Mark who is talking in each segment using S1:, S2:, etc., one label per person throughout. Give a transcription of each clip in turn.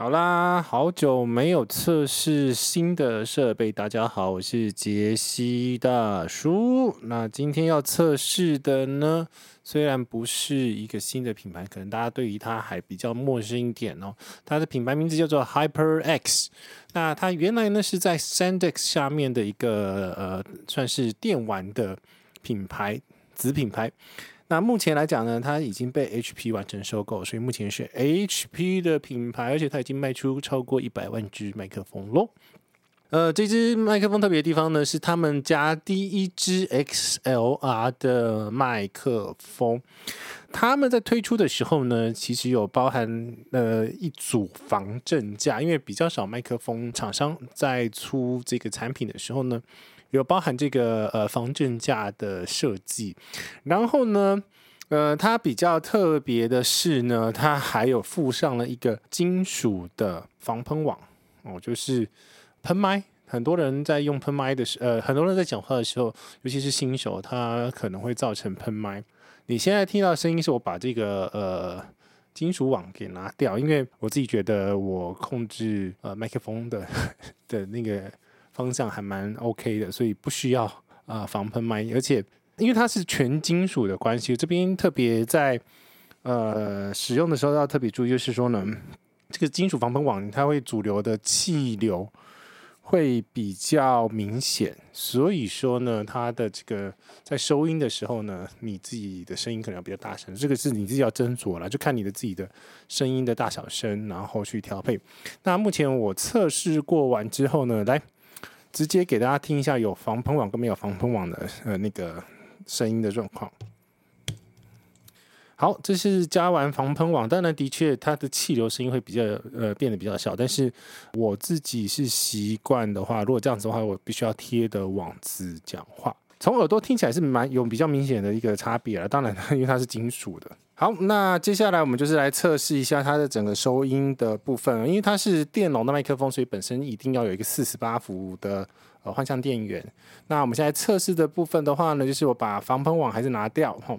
S1: 好啦，好久沒有測試新的設備。大家好，我是杰西大叔。那今天要測試的呢，雖然不是一個新的品牌，可能大家對於它還比較陌生一點哦。它的品牌名字叫做 HyperX。那它原來呢是在 Sandex 下面的一個呃，算是電玩的品牌、子品牌。那目前來講呢，它已經被 HP 完成收購，所以目前是 HP 的品牌，而且它已經賣出超過一百萬支麥克風嘍。呃，這支麥克風特別的地方呢，是他們家第一支 XLR 的麥克風。他們在推出的時候呢，其實有包含呃一組防震架，因為比較少麥克風廠商在出這個產品的時候呢，有包含這個呃防震架的設計。然後呢，呃，它比較特別的是呢，它還有附上了一個金屬的防噴網哦，就是。噴麥，很多人在用噴麥的時，呃，很多人在講話的時候，尤其是新手，他可能會造成噴麥。你現在聽到的聲音是我把這個呃金屬網給拿掉，因為我自己覺得我控制呃麥克風的的那個方向還蠻 OK 的，所以不需要啊、呃、防噴麥。而且因為它是全金屬的關係，這邊特別在呃使用的時候要特別注意，就是說呢，這個金屬防噴網它會主流的氣流，會比較明顯，所以說呢，它的這個在收音的時候呢，你自己的聲音可能要比較大聲，這個是你自己要斟酌了，就看你的自己的聲音的大小聲，然後去調配。那目前我測試過完之後呢，來，直接給大家聽一下有防噴網跟沒有防噴網的，呃，那個聲音的狀況。好，這是加完防噴網，當然的確它的氣流聲音會比較，呃，變得比較小。但是我自己是習慣的話，如果這樣子的話，我必須要貼的網子講話。從耳朵聽起來是蠻有比較明顯的一個差別了。當然，因為它是金屬的。好，那接下來我們就是來測試一下它的整個收音的部分，因為它是電容的麥克風，所以本身一定要有一個四十八伏的呃幻象電源。那我們現在測試的部分的話呢，就是我把防噴網還是拿掉，吼。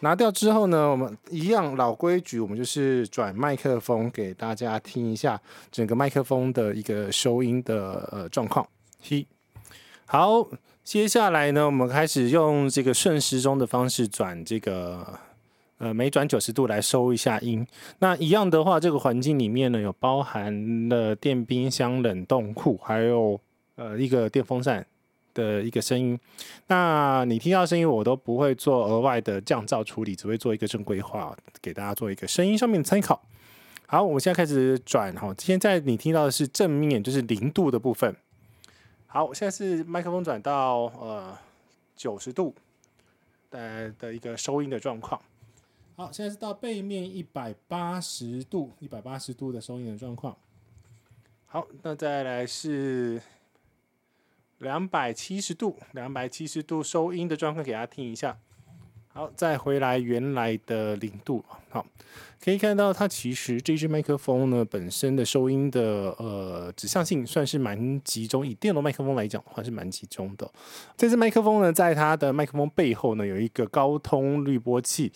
S1: 拿掉之後呢，我們一樣老規矩，我們就是轉麥克風給大家聽一下整個麥克風的一個收音的呃狀況。好，接下來呢，我們開始用這個順時鐘的方式轉這個呃每轉九十度來收一下音。那一樣的話，這個環境裡面呢有包含了電冰箱、冷凍庫，還有呃一個電風扇，的一個聲音，那你聽到聲音，我都不會做額外的降噪處理，只會做一個正規化，給大家做一個聲音上面的參考。好，我們現在開始轉哈，現在你聽到的是正面，就是零度的部分。好，現在是麥克風轉到呃九十度的的一個收音的狀況。好，現在是到背面一百八十度，一百八十度的收音的狀況。好，那再來是。兩百七十度，兩百七十度收音的狀況，給大家聽一下。好，再回來原來的零度。好，可以看到它其實這只麥克風呢，本身的收音的呃指向性算是蠻集中，以電容麥克風來講還是蠻集中的。這只麥克風呢，在它的麥克風背後呢，有一個高通濾波器，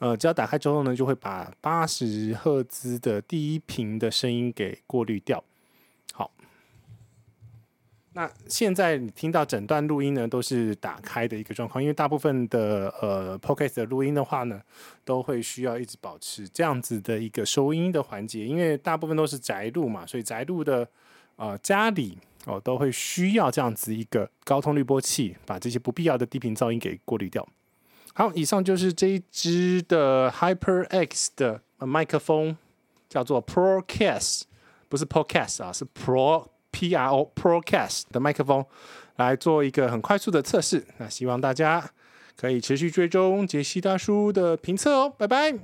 S1: 呃，只要打開之後呢，就會把八十赫茲的低頻的聲音給過濾掉。那、啊、現在你聽到整段錄音呢，都是打開的一個狀況，因為大部分的呃 Podcast 的錄音的話呢，都會需要一直保持這樣子的一個收音的環節，因為大部分都是宅錄嘛，所以宅錄的呃家裡哦、呃、都會需要這樣子一個高通濾波器，把這些不必要的低頻噪音給過濾掉。好，以上就是這一支的 HyperX 的麥、呃、克風，叫做 ProCast，不是 Podcast 啊，是 Pro。Pro ProCast 的麥克風來做一個很快速的測試，那希望大家可以持續追蹤傑西大叔的評測哦，拜拜。